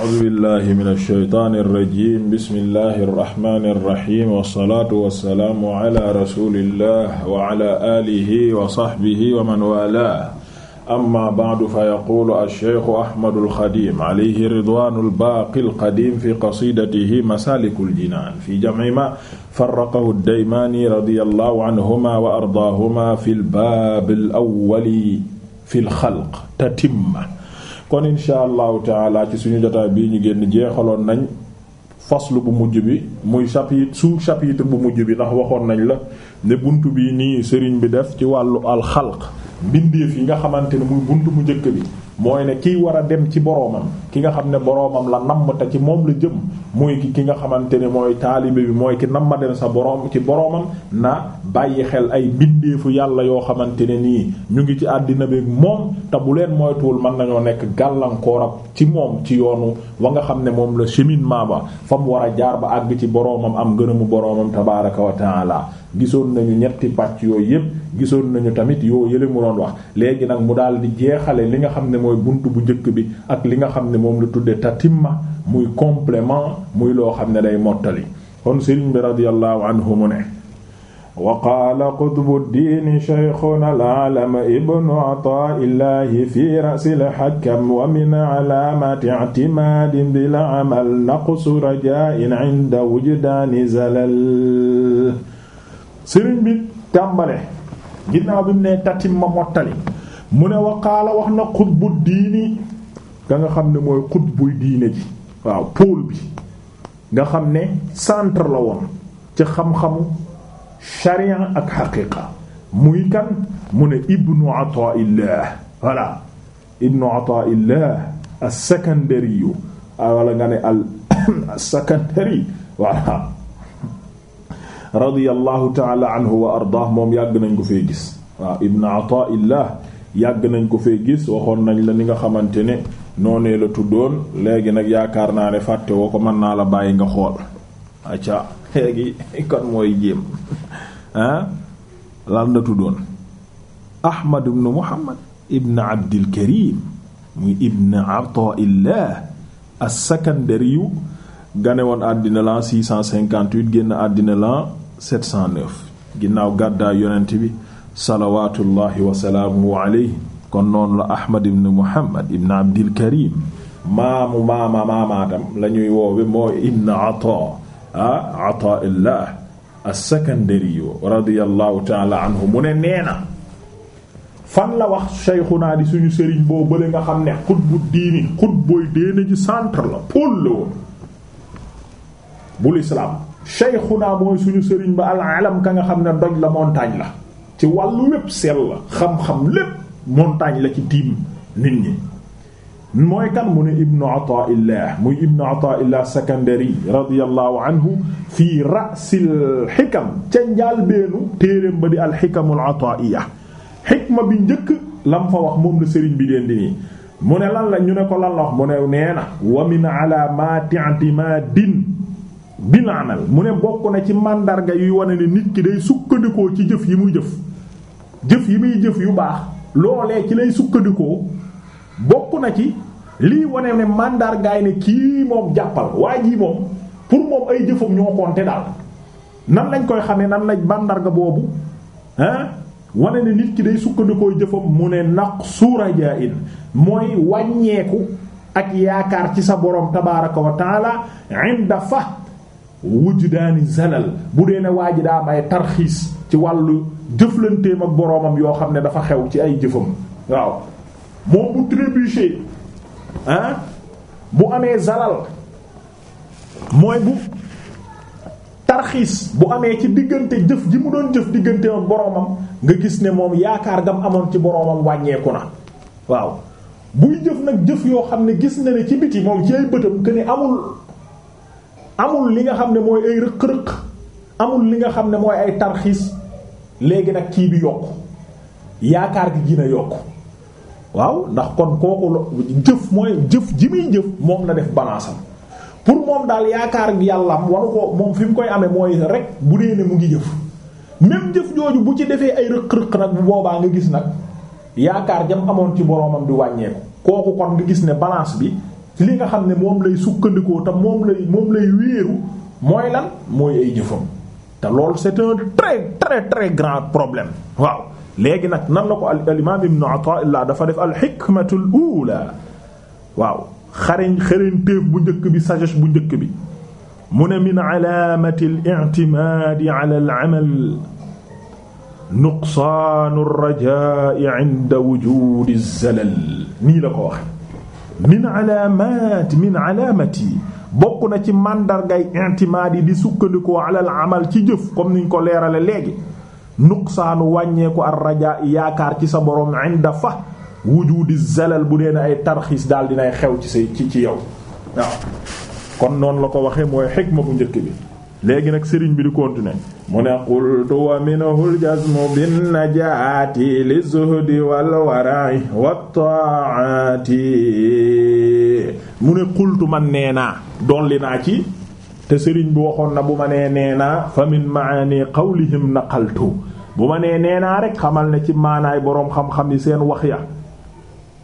a'uuzu billahi mina shaytaani rajiim bismillahi rahmaani rahiim wasalaatu wasalaamu ala rasulillah wa ala alihi wa sahbihi wa man waalaahu amma ba'du fa yaquulu ash-shaykhu Ahmadu al-Xadiim alayhi ridwaanu al-baaqi al-qadiim fi qasiidatihi masaaliku al-jinaan fi jam'i maa farraqahu ad-Daymaani radiyallaahu anhumaa wa ardaahumaa fi al-baab al-awwal fi al-xalq tatimma kon insha allahu taala ci suñu jotaay bii ñu génn jeexaloon nañ faslu bu mujj bi muy chapitre sous chapitre bu mujj bi ndax waxoon nañ la ne bunt bi nii sëriñ bi def ci wàllu alxalq mbindeef yi nga xamante ne muy buntu mu njëkk bi mooy ne kiy war a dem ci boroomam ki nga xam ne boroomam la namm te ci moom la jëm muy ki ki nga xamante ne mooy taalibe bi mooy ki namma dem sa boroom ci boroomam na bàyyi xel ay mbindeefu yàlla yoo xamante ne nii ñu ngi ci àddina bi moom te bu leen moytuwul mën nañoo nekk gàllankoor ak ci moom ci yoonu wa nga xam ne moom la cheminement ba fa mu war a jaar ba àgg ci boroomam am gënamu boroomam tabaaraka wa taala gisoon nañu ñetti pàcc yooyu yëpp gisoon nañu tamit yoo yële mu doon wax léegi nag mu daal di jeexale li nga xam ne mooy bunt bu njëkk bi ak li nga xam ne moom la tuddee tatimma muy complément muy loo xam ne day mottali kon sëriñ bi radiyallahu mu ne wa qaala diini shaykhuna al-a'lam ibnu ataa'illahi fi ra'si al-hakam wa min alaamati i'timaadin bil amal naqsu rajaa'in 'inda wujdaani zalal sëriñ bi tàmbale ginnaaw bi mu ne tatim ma mottali mu ne waqaala wax na xutbu diini ka nga xam ne mooy buy diine ji waaw pôle bi nga xam ne centre la woon ci xam-xamu sharia ak xaqiiqa muy kan mu ne ibnu ataillah voilà ibnu ataillah as-Sakandari wala nga ne al as-Sakandari radiyallahu taala anhu wa ardah moom yàgg nañ ko fee gis waaw ibn ataillah yàgg nañ ko fee gis waxoon nañ la ni nga xamante ne noonee la tuddoon léegi nag yaakaar naa ne fàtte woo ko mën naa la bàyyi nga xool acca léegi kon mooy jéem ah lan la tuddoon ahmad ibn muhammad ibn abdil karim muy ibn ataillah as-sakandariyu gane woon àddina l'an 658 génn àddina l'an 709 ginnaaw gàddaay yonent bi salawaatullahi wa salaamuhu alayhi kon noonu la ahmad ibn muhammad ibn abdil karim maamu maama maamaatam la ñuy woowe mooy ibn ata ah ata illah as radiyallahu taala anhu mu ne nee na fan la wax shaykhunaa di suñu sëriñ boo bële nga xam ne xutbu diini xutbooy déene ji centre la pôle la woon bu lislaam shaykhuna mooy suñu sëriñ ba al alam ka nga xam ne doj la montagne la ci wàllu lépp sell la xam-xam lépp montagne la ci tiim nit ñi mooy kan mu ne ibnu ataillah muy ibnu ataillah sakandari radiyallahu anhu fii rasil xikam ca njaalbeenu téeréem ba di alxikamul ataiya xikma bi njëkk lam fa wax moom la sëriñ bi leen di nii mu ne lan la ñu ne ko lan la wax mu ne nee na wa min alaamaati i'timaadin bil mu ne bokk na ci màndarga yuy wane ne nit ki day sukkandikoo ci jëf yi muy jëf jëf yi muy jëf yu baax loolee ci lay sukkandikoo bokk na ci lii wane ne màndargaay ne kii moom jàppal waa jii moom pour moom ay jëfam ñoo konte daal nan lañ koy xamee nan lañ màndarga boobu ah wane ne nit ki day sukkandikoo jëfam mu ne naqsu rajaa'in mooy wàññeeku ak yaakaar ci sa borom tabaaraka wa taala inda wujdaani zalal bu dee ne waa ji daa may tarxiis ci wàllu jëflanteem ak boroomam yoo xam ne dafa xew ci ay jëfam waaw moom bu trébuché ah bu amee zalal mooy bu tarxiis bu amee ci diggante jëf ji mu doon jëf diggante ak boroomam nga gis ne moom yaakaar gam amoon ci boroomam wàññeeku na waaw buy jëf nag jëf yoo xam ne gis na ne ci biti moom ci ay bëtam que amul amul li nga xam ne mooy ay rëq-rëq amul li nga xam ne mooy ay tarxiis léegi nag kii bi yokk yaakaar gi gën a yokk waaw ndax kon kooku jëf mooy jëf ji muy jëf moom la def balance pour moom daal yaakaar gi yàlla waru ko moom fi mu koy amee mooy rek bu dee ne mu ngi jëf même jëf jooju bu ci defee ay rëq-rëq nag bu boobaa nga gis nag yaakaar jam amoon ci boroomam di wàññeeku kooku kon nga gis ne balance bi li nga xam ne moom lay sukkandikoo te moom lay moom lay wéeru mooy lan mooy ay jëfam te loolu c'est un très très très grand problème waaw léegi nag nan la ko al imaam ibnu Ataa'illah dafa def al hikmatul ula waaw xariñ xërantéef bu njëkk bi sagesse bu njëkk bi mu ne min alaamati al i'timaadi ala al amal nuqsaanu ar-rajaa'i 'inda wujuudi az-zalal nii la ko waxe min alaamaat min alaamati bokk na ci màndargay intimaad yi di sukkandikoo alal amal ci jëf comme niñ ko leerale léegi nuqsaanu wàññeeku ar rajaa yaakaar ci sa borom inda fa di zalal bu dee na ay tarxiis daal dinay xew ci sa ci yow waaw kon noonu la ko waxee mooy xikma bu njëkk bi léegi nag sëriñ bi di continuer mu ne qultu wa minhu ljasmu binnajaati lizuhdi walwarai wataati mu ne qultu man nee naa dolli naa ci te sëriñ bi waxoon na bu ma nee nee naa fa min maani qawlihim naqaltu bu ma nee nee naa rek xamal ne ci maanaay boroom xam-xam yi seen wax ya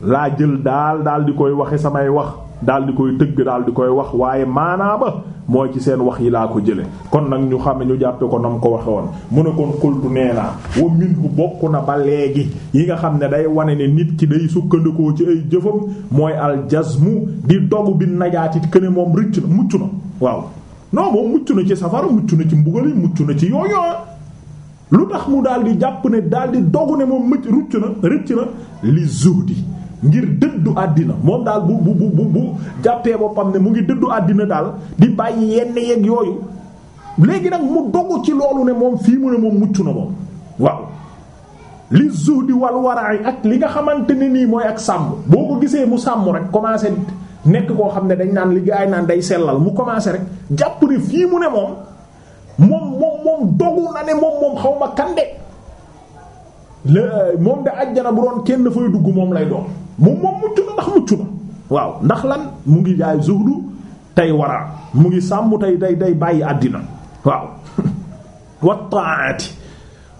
laa jël daal daal di koy waxi samay wax daal di koy tëgg daal di koy wax waaye maanaa ba mooy ci seen wax yi laa ko jële kon nag ñu xam ne ñu jàppee ko nam ko waxe woon mu ne kon xultu nee naa wa min bu bokk na ba léegi yi nga xam ne day wane ne nit ki day sukkandikoo ci ay jëfam mooy aljazmu di dogu bi najaati këne moom rëcc na mucc na waaw non moom mucc na ci safara mucc na ci mbugal yi mucc na ci yooyu ah. lu tax mu daal di jàpp ne daal di dogu ne moom mucc rëcc na li zuhdi ngir dëddu àddina moom daal bu bu bu bu jàppee boppam ne mu ngi dëddu àddina daal di bàyyi yenn yeeg yooyu léegi nag mu dogu ci loolu ne moom fii mu ne moom mucc na moom waaw li zuhdi wal waraay ak li nga xamante ni nii mooy ak sàmm boo ko gisee mu sàmm rek commencé nekk koo xam ne dañ naan li gaay naan day sellal mu commencé rek jàpp ne fii mu ne moom moom moom moom dogu na ne moom moom xaw ma kande moom de àjjana bu doon kenn dafay dugg moom lay doon moom moom mucc na ndax mucc na waaw ndax lan mu ngi jaay zuhdu tey waraa mu ngi sàmm tey day day bàyyi àddina waaw wa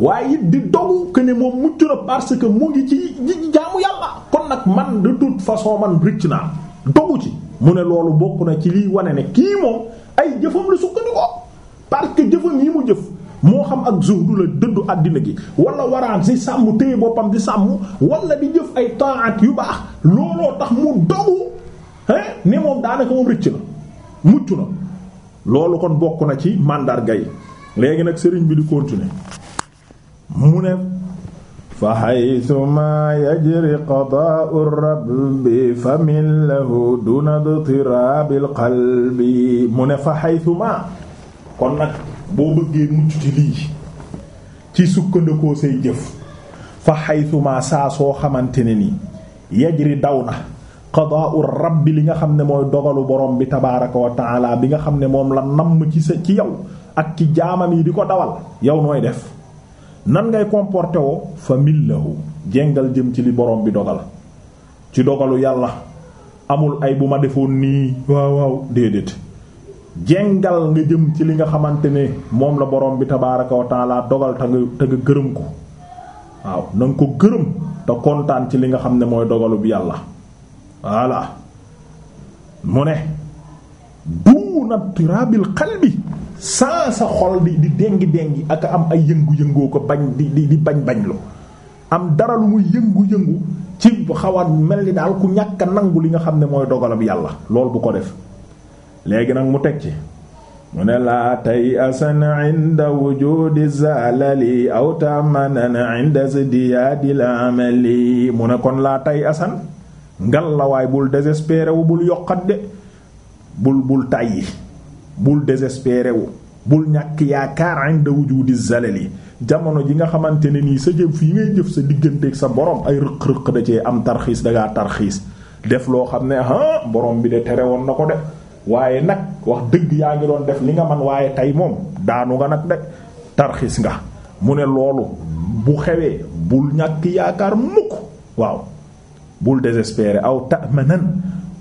waaye it di dogu que ne moom mucc na parce que mu ngi ci jaamu yàlla kon nag man de toute façon man ricc naa dogu ci mu ne loolu bokk na ci liy wane ne kii moom ay jëfam la sukkandiku parce que jëfam yi mu jëf moo xam ak zuhdu la dëddu àddina gi wala waraan si sàmm téye boppam di sàmm walla di jëf ay taat yu baax looloo tax mu dogu eh ne moom daanaka moom rëcc na mucc na loolu kon bokk na ci màndarga yi léegi nag sëriñ bi di continuer mu ne fa xaytuma yajri qadaa'u rabbi fa min lahu duna dtiraabil qalbi mu ne fa xaytuma kon nag boo bëggee mucc ci lii ci sukkandikoo say jëf fa xaytuma saa soo xamante ne ni yajri daw na qadaa'u rabbi li nga xam ne mooy dogalu borom bi tabaaraka wa bi nga xam ne moom la namm ci sa ci yow ak ci jaamam yi di ko dawal yow nooy def nan ngay comporté woo fa millahu jengal jëm ci li borom bi dogal ci dogalu yàlla amul ay bu ma defoon nii waaw waaw déedéet jengal nga jëm ci li nga xamante ne moom la borom bi tabaaraka wa taala dogal te nga te gërëm ko waaw na ko gërëm te kontaan ci li nga xam ne mooy dogalu bi yàlla voilà mu ne duuna turabil qalbi sans sa xol di di dengi dengi ak am ay yëngu-yëngoo ko bañ di bañ bañ lu am dara lu muy yëngu-yëngu ci xawaat mel ni daal ku ñàkk a nangu li nga xam ne mooy dogalam yàlla lool bu ko def léegi nag mu teg ci mu ne laa tay asan inda wujudi zalali aw tamanan inda zidiyadil amali mu ne kon laa tay asan ngal la bul désespéré bul yokkat de bul bul tàyyi bul désespéré wu bul ñàkk yaakaar inda wujudi zalali jamono ji nga xamante ne nii sa jëf yi ngay jëf sa digganteeg sa borom ay rëq-rëq da cee am tarxiis dangaa tarxiis def loo xam ne ah borom bi de tere woon na ko de waaye nag wax dëgg yaa ngi doon def li nga man waaye tey moom daanu nga nag de tarxis nga mu ne loolu bu xewee bul ñàkk yaakaar mukk waaw bul désespéré aw ta'manan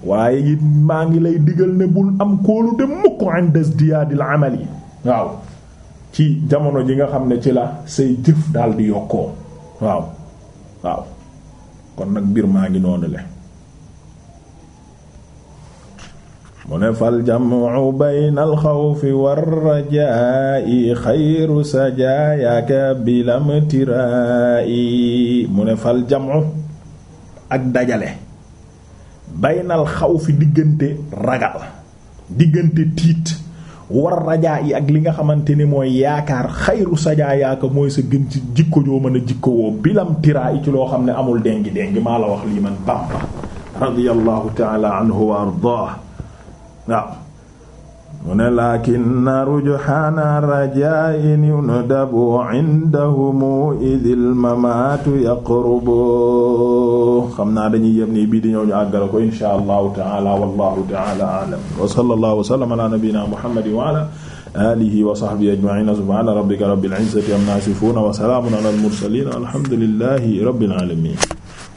waaye it maa ngi lay digal ne bul am kóolu de mukk inda isdiyaadil amali waaw ci jamono ji nga xam ne ci la say jëf daal di yokkoo waaw waaw kon nag mbir maa ngi noonu le mu ne fal jamcu bayna alxawfi warrajaa'i xayru sajaayaka bilamtiraa'i mu ne fal jamcu ak dajale bayna xawfi diggante ragal diggante tiit war rajaa yi ak li nga xamante ni mooy yaakaar xayru sajaa yaaka mooy sa gën ci jikko joo mën a jikko woo bilam tiraa yi ci loo xam ne amul dengi dengi maa la wax lii man Bamba radiyallahu taala anhu wa ardaah waaw mu ne lakinna rujxana rajain yundabu indahumu idil mamaatu yaqrubu xam naa dañuy yem nii bii di ñëw ñu àggala ko insha allahu taala wallahu taala alam wa sallallahu wa sallam ala nabiyyina muhammadin wa ala alihi wa sahbihi ajma'ina subhana rabbika rabbil izzati amma yasifun wa salamun ala al mursalin alhamdulillahi rabbil alamin